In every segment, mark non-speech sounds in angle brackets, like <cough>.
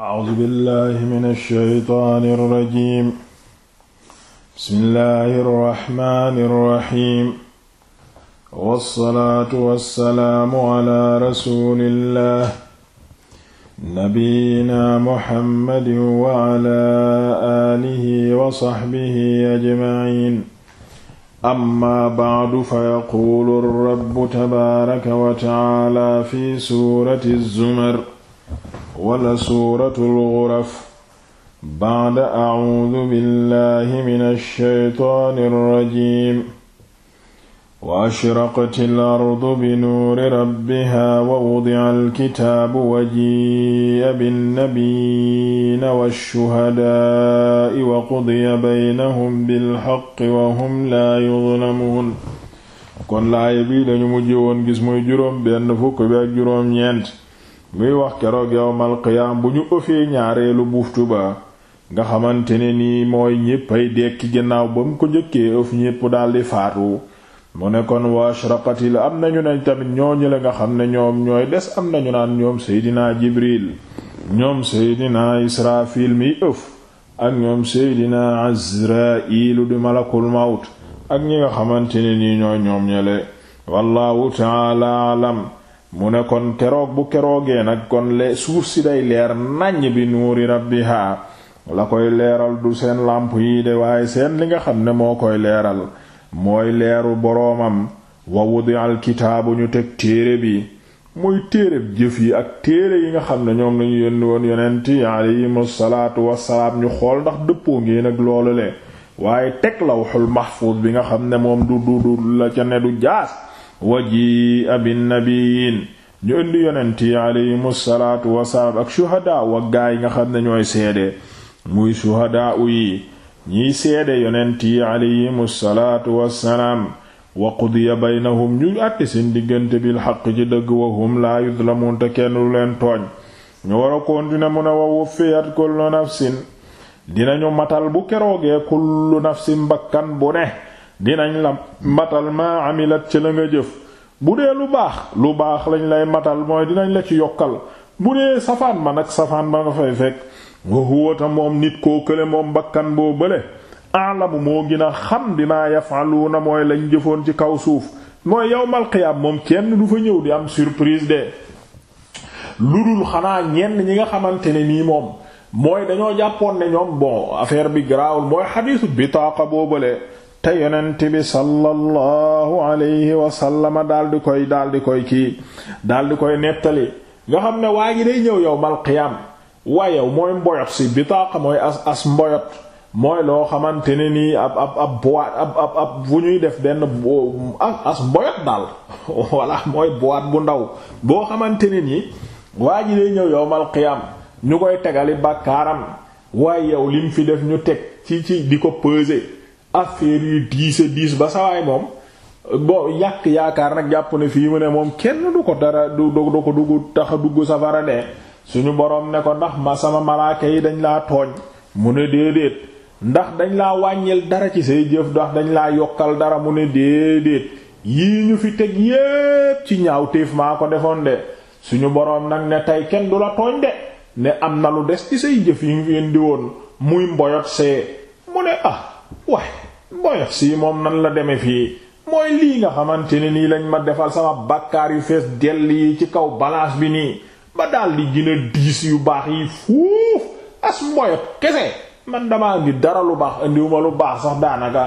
أعوذ بالله من الشيطان الرجيم بسم الله الرحمن الرحيم والصلاة والسلام على رسول الله نبينا محمد وعلى آله وصحبه أجمعين أما بعد فيقول الرب تبارك وتعالى في سورة الزمر wala suuratul ghuraf ba'da a'uudu billahi minash shaytaanir rajiim wa ashraqatil ardu binuuri rabbihaa wa wudi'al kitaabu wa jii'a binnabiyyiina wash-shuhadaa'i wa qudiya baynahum bil haqqi wa hum laa yuzlamuun kon laaya bi dañu mujj woon gis muy juróom benn fukk bi ak juróom ñeent muy wax keroog yowmal qiyaam bu ñu ëfee ñaareelu buuftu ba nga xamante ne nii mooy ñépp ay dekki ginnaaw ba mu ko njëkkee ëf ñépp daldi faatu mu ne kon wa ashraqatil am nañu ne tamit ñooñu la nga xam ne ñoom ñooy des am nañu naan ñoom seydinaa jibril ñoom seydinaa israfil miy ëf ak ñoom seydinaa azrailu di malakul mawt ak ñi nga xamante ne nii ñooy ñoom ñele wallahu taala alam mu ne kon keroog bu keroogee nag kon le suuf si day leer nàññ bi nuuri rabbihaa la koy leeral du seen làmp yi de waaye seen li nga xam ne moo koy leeral mooy leeru boroomam wa wudi'al kitaabu ñu teg téere bi muy téereb jëf yi ak téere yi nga xam ne ñoom lañu yónni woon yonent yi alayhimu salaatu wassalaam ñu xool ndax dëppoo ngeen ak loolu le waaye teg lawhul mahfuuz bi nga xam ne moom du du du la ca ne du jaas waji abinnabiyin ñu indi yonent yi aleyhim salaatu ak shuhadaa wa gaay nga xam ne ñooy seede muy shuhadaa yi ñiy seede yonent yi aleyhim salaatu wa qudiya baynahum ñu àtte seen diggante bil xaq ci dëgg wa hum laa yuzlamuun te kenn du leen tooñ ñu war a continuer mu ne wa wuffiyat kullu nafsin dinañu matal bu keroogee kullu nafsin bakkan bu ne dinañ la matal maa amilat ci la nga jëf bu dee lu baax lu baax lañ lay matal mooy dinañ la ci yokkal bu dee safaan ma nag safaan ba nga fay fekk wa huwa moom nit koo kële moom bakkan boo bële alamu moo gën a xam bimaa yafaluuna mooy lañ jëfoon ci kaw suuf mooy yawmal qiyaam moom kenn du fa ñëw di am surprise de lu dul xanaa ñenn ñi nga xamante ne nii moom mooy dañoo jàppoon ne ñoom bon affaire bi garaawul mooy xadiisu bitaaqa boo bële te yonent bi sallallahu alayhi wa sallama daal di koy daal di koy kii daal di koy nettali nga xam ne waa ji day ñëw yow mal qiyaam waaye yow mooy mboyot si bitaaqa mooy as as mboyot mooy loo xamante ne nii ab ab ab boîte ab ab ab bu ñuy def benn as mboyot daal <laughs> voilà mooy boîte bu ndaw boo xamante ne nii waa ji day ñëw yow mal ñu koy tegali bàkkaaram waaye yow lim fi def ñu teg ci ci di ko peser. affaire yi diise diis ba sawaay moom bo yàq yaakaar nag jàpp ne fii mu ne moom kenn du ko dara du du ko dugg tax a dugg safara de suñu boroom ne ko ndax ma sama malaaka yi dañu laa tooñ mu ne déedéet ndax dañ laa wàññil dara ci say jëf ndax dañu laa yokkal dara mu ne déedéet yii ñu fi teg yépp ci ñaaw téef maa ko defoon de suñu boroom nag ne tey kenn du la tooñ de ne am na lu des ci say jëf yi ngeen di woon muy mboyot see mu ne ah waay boyox sii moom nan la deme fii mooy lii nga xamante ne nii lañ ma defal sama bàkkaar yu fees dell yi ci kaw balance bi nii ba daal di gën diis yu baax yi fuuf as mboyot kese man dama ngi dara lu baax indiwuma lu baax sax daanaka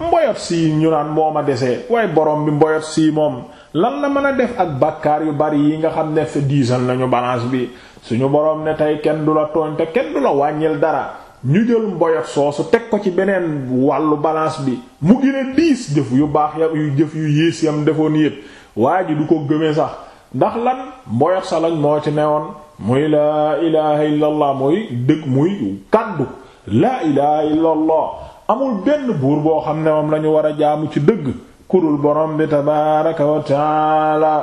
mboyot sii ñu naan moo ma desee waaye borom bi mboyot sii moom lan la mën a def ak bàkkaar yu bari yi nga xam ne diisal nañu balance bi suñu borom ne tey kenn du la tooñ te kenn du la wàññil dara ñu jël mboyot soosu teg ko ci beneen wàllu balance bi mu gën diis jëf yu baax ya yu jëf yu yées yam defoon yépp waa ji du ko gëmee sax ndax lan mboyot sa lañ moo ci newoon muy laa ilaha illa allah muy dëgg muy kàddu laa ilaha illa allah amul benn buur boo xam ne moom la war a jaamu ci dëgg kudul borom bi tabaraka wa taala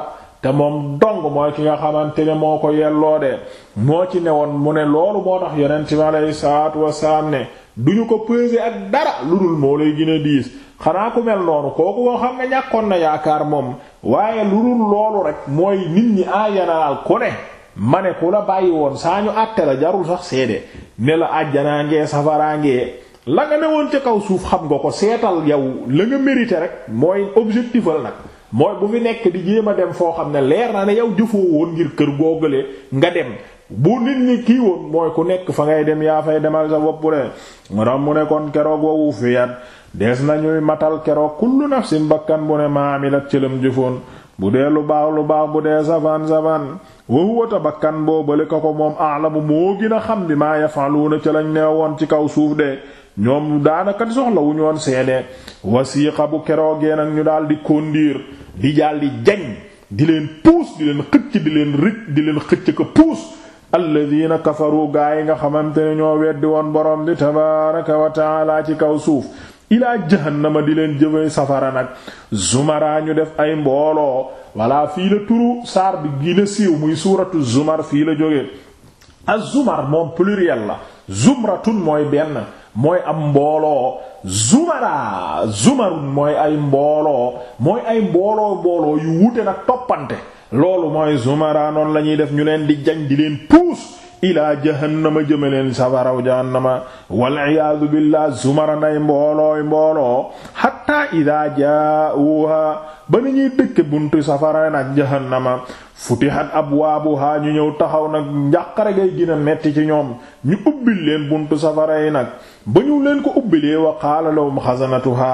te moom dong mooy ki nga xamante ne moo ko yelloo de moo ci ne woon mu ne loolu moo tax ci bi alayhi salaatu wasalaam du ñu ko peser ak dara lu dul moo lay gën diis xanaa ku mel noonu kooku koo xam ne ñàkkoon na yaakaar moom waaye lu dul loolu rek mooy nit ñi en général ku ne ma ne ku la bàyyi woon saa ñu àtte la jarul sax seede ne la àjjanaa ngee safaraa ngee la nga woon ca kaw suuf xam nga ko seetal yow la nga mérité rek mooy objectifal nag mooy bu fi nekk di jéem a dem foo xam ne leer na ne yow jëfoo woon ngir kër googalee nga dem bu nit ñi kii woon mooy ku nekk fa ngay dem yaa fay demal sa bopp de maanaam mu ne kon keroog wa wufiyat des na ñuy matal keroog kullu nafsin mbakkan bu ne maamilat ci lam jëfoon bu dee lu baax lu baax bu dee safaan safaan wa huwa tabakkan boobale ka ko moom aalamu moo gën a xam bi maa na ca lañ nee woon ci kaw suuf de ñoom daanaka soxla wu ñu woon seede wasiqa bu keroogee nag ñu daal di kondiir di jàll di jañ di leen puus di leen xëcc di leen rëcc di leen xëcc ko puus alladina kafaru gaa yi nga xamante ne ñoo weddi woon borom di tabaaraka wa ci kaw suuf ilaa jahannama di leen jëfee safara nag zumara ñu def ay mbooloo walla fii la turu saar bi gina siiw muy suuratu zumar fii la jógee az-zumar moom pluriel la zumratun mooy benn mooy am mbooloo zumara zumarun mooy ay mbooloo mooy ay mbooloo mbooloo yu wute nag toppante loolu mooy zumara noonu la ñuy def ñu leen di jañ di leen puus ilaa jahannama jëmaleen safaraw jahannama waliyaadu billah zumaran ay mboolooy mbooloo xatta idaa jaawuha ba ni ñuy dëkke buntu safara nag jahannama futihat abwaabuha ñu ñëw taxaw nag njàqare gay gën a metti ci ñoom ñu ubbi leen buntu safara yi nag ba ñu leen ko ubbilee wa qaala lahum xasanatuha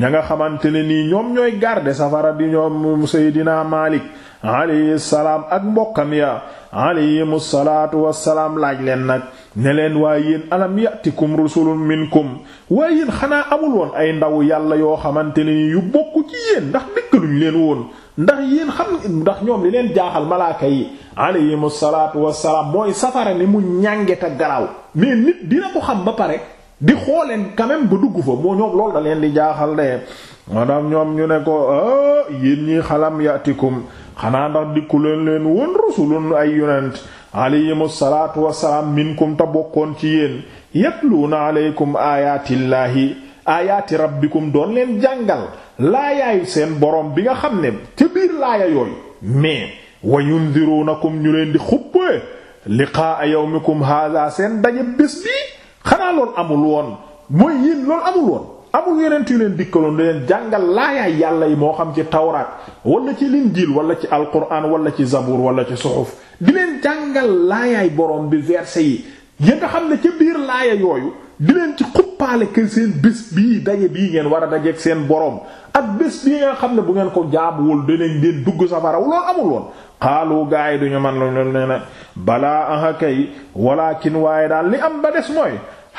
ña nga xamante ne nii ñoom ñooy garde safara di ñoom Seydina Maalik alayhi salaam ak mbokkam ya alayhim salaatu wassalaam laaj leen nag ne leen waaye yéen alam yatikum rusulun minkum waaye yéen xanaa amul woon ay ndaw yàlla yoo xamante ne ni yu bokk ci yéen ndax dëkkaluñ leen woon ndax yéen xam ndax ñoom li leen jaaxal malaaka yi alayhim salaatu wassalaam mooy safara ni mu ñàngeta garaaw mais nit dina ko xam ba pare di xooleen quand ba dugg fa moo ñoom loolu da leen di jaaxal de maanaam ñoom ñu ne ko ah yéen ñii xalam xanaa ndax dikku leen leen woon rusulun ay yonent alayhimu wassalaam minkum te bokkoon ci yéen yatluuna aleykum aayaatillaahi aayaati rabbikum doon leen jàngal laayaayu seen boroom bi nga xam ne ca biir laaya yooyu mais wa yundiruunakum ñu leen di xuppee liqaa yawmikum haada seen daje bés bi xanaa loolu amul woon mooy yéen loolu amul woon amul yonent ti leen dikkaloon di leen jàngal laayaay yàlla yi moo xam ci tawraat wala ci linjiil wala ci alquran walla ci zabuur walla ci suxuf di leen jàngal laayaay boroom bi verset yi ya xam ne ca biir laaya yooyu di leen ci xuppaale kër seen bés bii daje bii ngeen war a dajeeg seen boroom ak bés bii nga xam ne bu ngeen ko jaabuwul dinañ leen dugg safara loolu amul woon xaalu gaay duñu man lu ne ne balaa aha kay walaakin waaye daal li am ba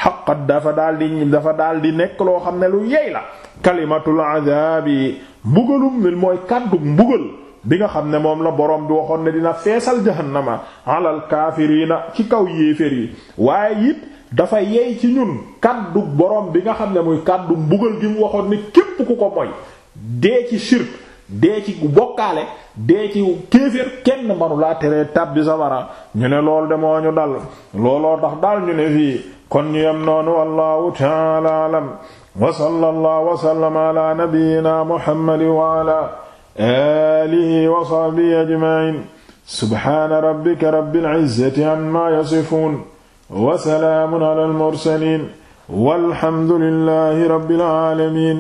xaqat daal di dafa daal di nekk loo xam ne lu yey la kalimatul azabi mbugalum mil mooy kàddu mbugal bi nga xam ne moom la borom bi waxoon ne dina feesal jahannama alal kaafiriina ci kaw yéeféer yi waaye it dafa yey ci ñun kàddu borom bi nga xam ne muy kaddu mbugal gi mu waxoon ne képp ku ko moy dee ci shirk dee ci bokkaale dee ci kéeféer kenn manu laa teree tab bi safara ñu ne loolu de moo ñu dal looloo tax daal ñu ne fii kon ñu yam noonu wallahu ta'ala alam wa sallallahu wa sallama ala nabiyyina muhammad wa ala alihi wa sahbihi ajma'in subhana rabbika rabbil izzati amma yasifun wa salamun ala al mursalin walhamdulillahi rabbil alamin